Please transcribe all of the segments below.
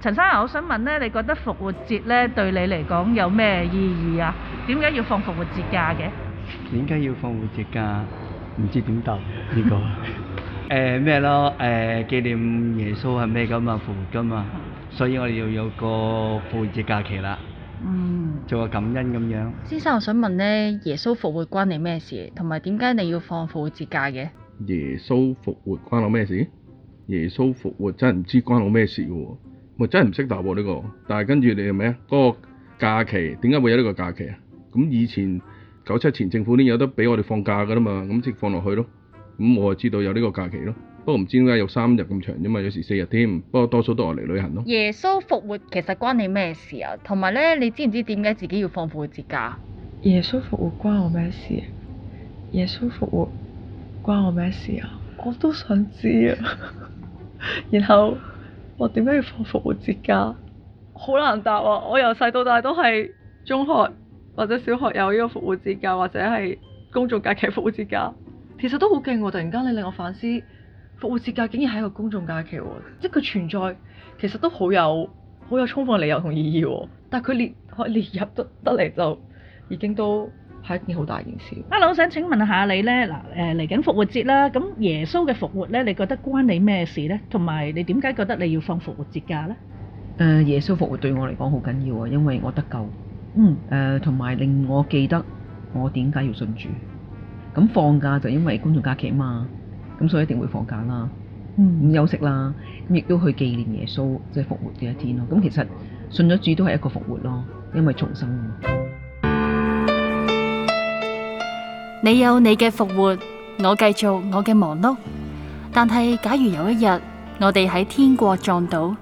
陳生啊，我想問咧，你覺得復活節咧對你嚟講有咩意義啊？點解要放復活節假嘅？點解要放復活節假？唔知點答呢個。誒、呃、咩咯？誒、呃、紀念耶穌係咩噶嘛？復活噶嘛？所以我哋要有個復活節假期啦。嗯。做個感恩咁樣。先生，我想問咧，耶穌復活關你咩事？同埋點解你要放復活節假嘅？耶穌復活關我咩事？耶穌復活真係唔知關我咩事喎？我真係唔識答喎、啊、呢、這個，但係跟住你係咩啊？嗰、那個假期點解會有呢個假期啊？咁以前九七前政府都有得畀我哋放假噶啦嘛，咁即放落去咯。咁、嗯、我就知道有呢個假期咯，不過唔知點解有三日咁長啫嘛，有時四日添。不過多數都係嚟旅行咯。耶穌復活其實關你咩事啊？同埋咧，你知唔知點解自己要放復活節假？耶穌復活關我咩事、啊？耶穌復活關我咩事啊？我都想知啊， 然後。我點解要放復活節假？好難答啊！我由細到大都係中學或者小學有呢個復活節假，或者係公眾假期復活節假。其實都好勁喎！突然間你令我反思，復活節假竟然係一個公眾假期，啊，即係佢存在其實都好有好有充分理由同意義喎，啊。但係佢列可連入得得嚟就已經都。係一件好大件事。啊，我想請問下你呢，嗱，誒嚟緊復活節啦，咁耶穌嘅復活呢，你覺得關你咩事呢？同埋你點解覺得你要放復活節假呢？誒、呃，耶穌復活對我嚟講好緊要啊，因為我得救。嗯。誒、呃，同埋令我記得我點解要信主。咁放假就因為公眾假期啊嘛，咁所以一定會放假啦。嗯。咁休息啦，咁亦都去紀念耶穌即係復活嘅一天咯。咁其實信咗主都係一個復活咯，因為重生。你有你嘅復活，我繼續我嘅忙碌。但係假如有一日我哋喺天國撞到，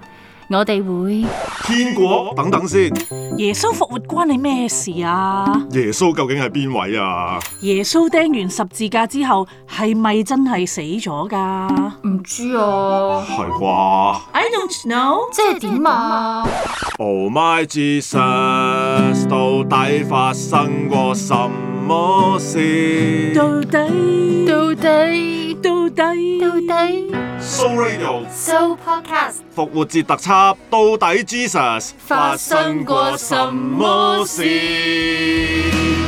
我哋會天國等等先。耶穌復活關你咩事啊？耶穌究竟係邊位啊？耶穌釘完十字架之後係咪真係死咗噶？唔知啊。係啩？I don't know。即係點啊？Oh my Jesus，到底發生過什麼？嗯到底到底到底到底，So Radio，So Podcast 復活節特輯，到底 Jesus 發生過什麼事？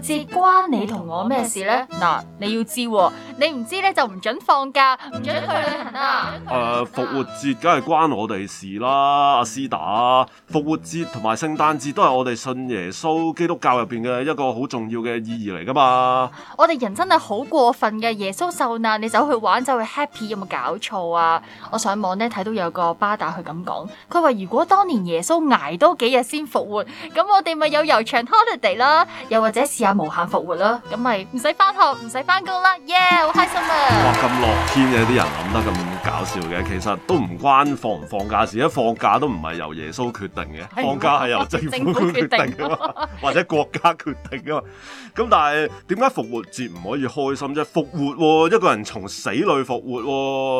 節關你同我咩事呢？嗱、啊，你要知喎、啊，你唔知呢就唔准放假，唔、嗯、准去旅行啊！誒，復活節梗係關我哋事啦，阿絲打，復活節同埋聖誕節都係我哋信耶穌基督教入邊嘅一個好重要嘅意義嚟㗎嘛？我哋人真係好過分嘅，耶穌受難，你走去玩走去 happy 有冇搞錯啊？我上網呢睇到有個巴打佢咁講，佢話如果當年耶穌挨多幾日先復活，咁我哋咪有悠長 holiday 啦，又或者無限復活啦，咁咪唔使翻學，唔使翻工啦，耶！好開心啊！哇，咁樂天嘅、啊、啲人諗得咁搞笑嘅，其實都唔關放唔放假事，一放假都唔係由耶穌決定嘅，嗎放假係由政府決定啊嘛 或者國家決定啊嘛。咁但係點解復活節唔可以開心啫？復活、喎，一個人從死裏復活、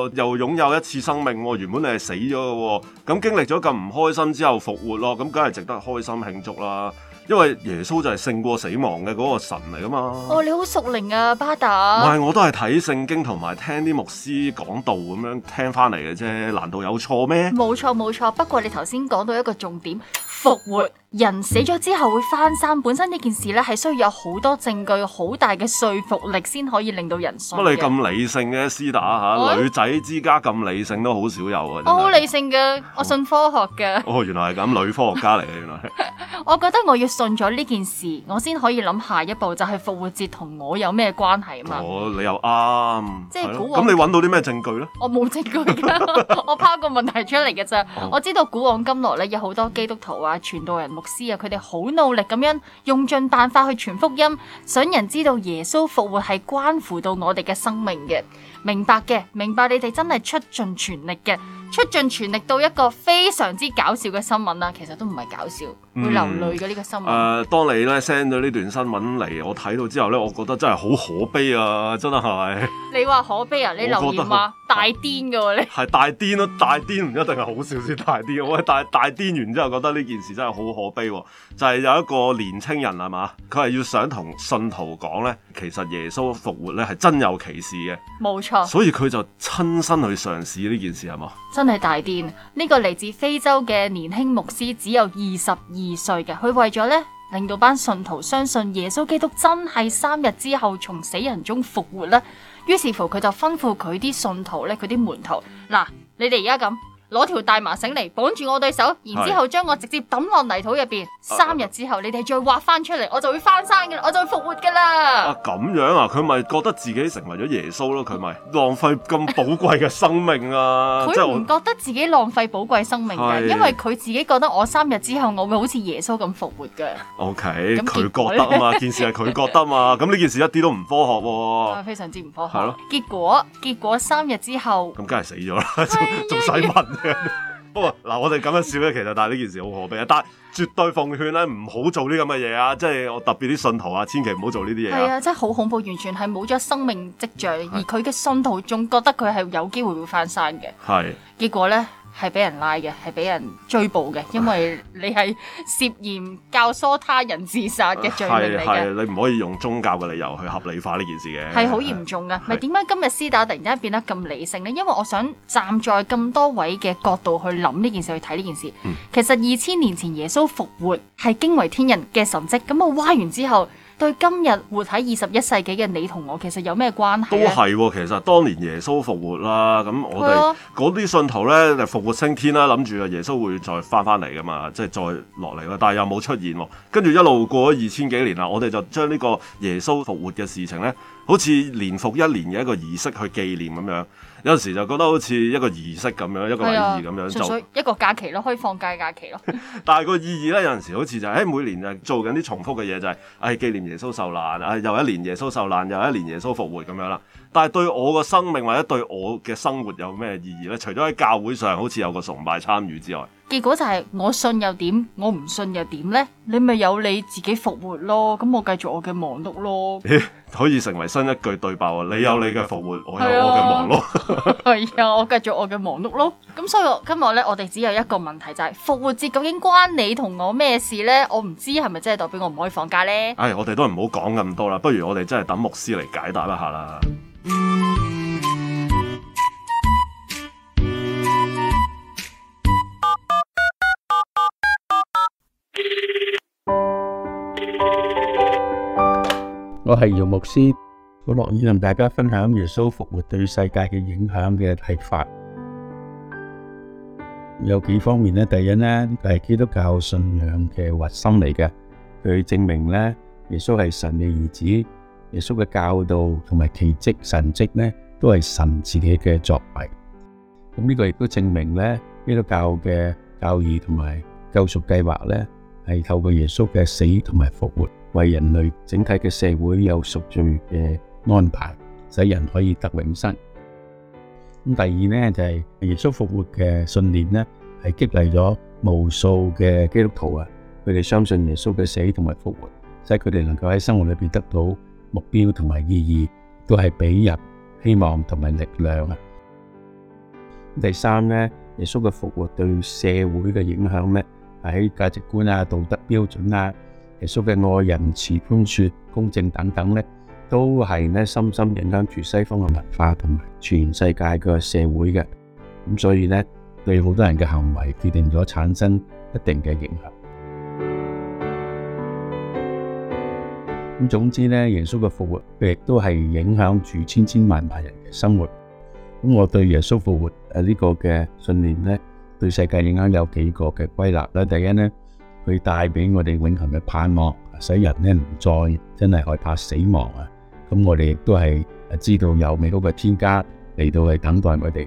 喎，又擁有一次生命、喎，原本你係死咗嘅、喎，咁經歷咗咁唔開心之後復活咯、啊，咁梗係值得開心慶祝啦、啊。因為耶穌就係勝過死亡嘅嗰個神嚟噶嘛。哦，你好熟靈啊，巴打。唔係，我都係睇聖經同埋聽啲牧師講道咁樣聽翻嚟嘅啫。嗯、難道有錯咩？冇錯冇錯。不過你頭先講到一個重點，復活。人死咗之後會翻生，本身呢件事咧，係需要有好多證據，好大嘅說服力，先可以令到人信。乜你咁理性嘅，啊，絲打？吓、啊，哦、女仔之家咁理性都好少有啊！我好理性嘅，我信科學嘅。哦。哦，原來係咁，女科學家嚟嘅原來。 我覺得我要信咗呢件事，我先可以諗下一步就係復活節同我有咩關係啊嘛。哦，你又啱，啊、即係咁。咁、啊、你揾到啲咩證據咧？我冇、啊、證據噶，我拋個 問題出嚟嘅啫。 我知道古往今來咧有好多基督徒啊、傳道人。牧師呀，佢哋好努力咁樣用盡辦法去傳福音，想人知道耶穌復活係關乎到我哋嘅生命嘅。明白嘅，明白你哋真係出盡全力嘅，出盡全力到一個非常之搞笑嘅新聞啦。其實都唔係搞笑，會流淚嘅呢個新聞。誒、嗯呃，當你咧 send 咗呢段新聞嚟，我睇到之後咧，我覺得真係好可悲啊！真係。你話可悲啊？你留言話、啊、大癲嘅、啊、你係大癲咯、啊，大癲唔一定係好笑先大癲，喂， 係大大癲完之後覺得呢件事真係好可悲、啊。就係、是、有一個年青人係嘛，佢係要想同信徒講咧，其實耶穌復活咧係真有其事嘅，冇所以佢就親身去嘗試呢件事，係嘛？真係大癲！呢、這個嚟自非洲嘅年輕牧師只有二十二歲嘅，佢為咗呢令到班信徒相信耶穌基督真係三日之後從死人中復活啦。於是乎，佢就吩咐佢啲信徒咧，佢啲門徒，嗱，你哋而家咁。攞條大麻繩嚟綁住我對手，然之後將我直接抌落泥土入邊，啊、三日之後、啊、你哋再挖翻出嚟，我就會翻生嘅，我就會復活噶啦。啊咁樣啊，佢咪覺得自己成為咗耶穌咯？佢咪浪費咁寶貴嘅生命啊？佢唔 覺得自己浪費寶貴生命嘅，的因為佢自己覺得我三日之後我會好似耶穌咁復活嘅。OK，佢覺得啊嘛，件事係佢覺得啊嘛，咁呢件事一啲都唔科學、啊啊，非常之唔科學。係咯的，結果結果三日之後，咁梗係死咗啦，仲仲使問？ 不過嗱， 我哋咁樣笑咧，其實但係呢件事好可悲啊！但係絕對奉勸咧，唔好做啲咁嘅嘢啊！即係我特別啲信徒啊，千祈唔好做呢啲嘢。係啊，真係好恐怖，完全係冇咗生命跡象，而佢嘅信徒仲覺得佢係有機會會返生嘅。係是，結果咧。係俾人拉嘅，係俾人追捕嘅，因為你係涉嫌教唆他人自殺嘅罪名嚟嘅。係你唔可以用宗教嘅理由去合理化呢件事嘅。係好嚴重噶，咪點解今日絲打突然間變得咁理性呢？因為我想站在咁多位嘅角度去諗呢件事，去睇呢件事。嗯、其實二千年前耶穌復活係驚為天人嘅神跡，咁我挖完之後。對今日活喺二十一世紀嘅你同我，其實有咩關係啊？都係喎、哦，其實當年耶穌復活啦，咁我哋嗰啲信徒咧就復活升天啦，諗住啊耶穌會再返返嚟㗎嘛，即係再落嚟咯，但係又冇出現喎，跟住一路過咗二千幾年啦，我哋就將呢個耶穌復活嘅事情咧。好似年復一年嘅一個儀式去紀念咁樣，有陣時就覺得好似一個儀式咁樣，的一個禮儀咁樣，做。純粹一個假期咯，可以放假假期咯。 但係個意義咧，有陣時好似就係、是，誒每年就做緊啲重複嘅嘢就係、是，誒、哎、紀念耶穌受難，誒、哎、又一年耶穌受難，又一年耶穌復活咁樣啦。但係對我嘅生命或者對我嘅生活有咩意義呢？除咗喺教會上好似有個崇拜參與之外，結果就係我信又點，我唔信又點呢？你咪有你自己復活咯，咁我繼續我嘅忙碌咯，哎。可以成為新一句對白啊！你有你嘅復活，我有我嘅忙碌。係啊， 我繼續我嘅忙碌咯。咁所以今日呢，我哋只有一個問題就係、是、復活節究竟關你同我咩事呢？我唔知係咪真係代表我唔可以放假呢。」唉，哎，我哋都唔好講咁多啦，不如我哋真係等牧師嚟解答一下啦。我係姚牧師，我樂意同大家分享耶穌復活對世界嘅影響嘅睇法。有幾方面呢，第一呢係基督教信仰嘅核心嚟嘅，去證明呢耶穌係神嘅兒子。耶穌嘅教導同埋奇蹟神蹟咧，都係神自己嘅作為。咁呢個亦都證明咧，基督教嘅教義同埋救贖計劃咧，係透過耶穌嘅死同埋復活，為人類整體嘅社會有贖罪嘅安排，使人可以得永生。咁第二咧就係耶穌復活嘅信念咧，係激勵咗無數嘅基督徒啊，佢哋相信耶穌嘅死同埋復活，使佢哋能夠喺生活裏邊得到。目標同埋意義都係俾人希望同埋力量啊！第三咧，耶穌嘅復活對社會嘅影響咧，喺價值觀啊、道德標準啊、耶穌嘅愛人、慈悲、公義、公正等等咧，都係咧深深影響住西方嘅文化同埋全世界嘅社會嘅。咁所以咧，對好多人嘅行為決定咗產生一定嘅影響。咁總之，耶穌嘅復活佢亦都係影響住千千萬萬人嘅生活。我對耶穌復活誒呢個嘅信念咧，對世界影響有幾個嘅歸納。第一咧，佢帶俾我哋永恒嘅盼望，使人咧唔再真係害怕死亡。咁我哋亦都係知道有美好嘅天家嚟到嚟等待我哋。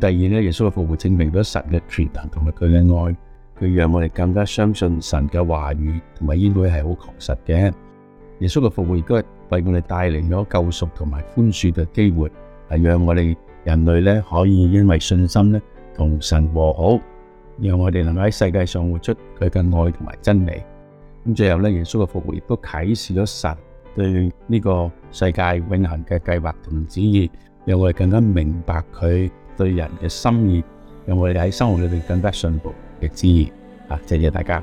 第二咧，耶穌嘅復活證明咗神嘅權能同埋佢嘅愛，佢讓我哋更加相信神嘅話語同埋應該係好確實嘅。耶穌嘅復活亦都係為我哋帶嚟咗救贖同埋寬恕嘅機會，係讓我哋人類可以因為信心咧同神和好，讓我哋能夠喺世界上活出佢嘅愛同埋真理。最後咧，耶穌嘅復活亦都啟示咗神對呢個世界永恒嘅計劃同旨意，讓我哋更加明白佢對人嘅心意，讓我哋喺生活裏邊更加信服旨意、服侍，謝謝大家。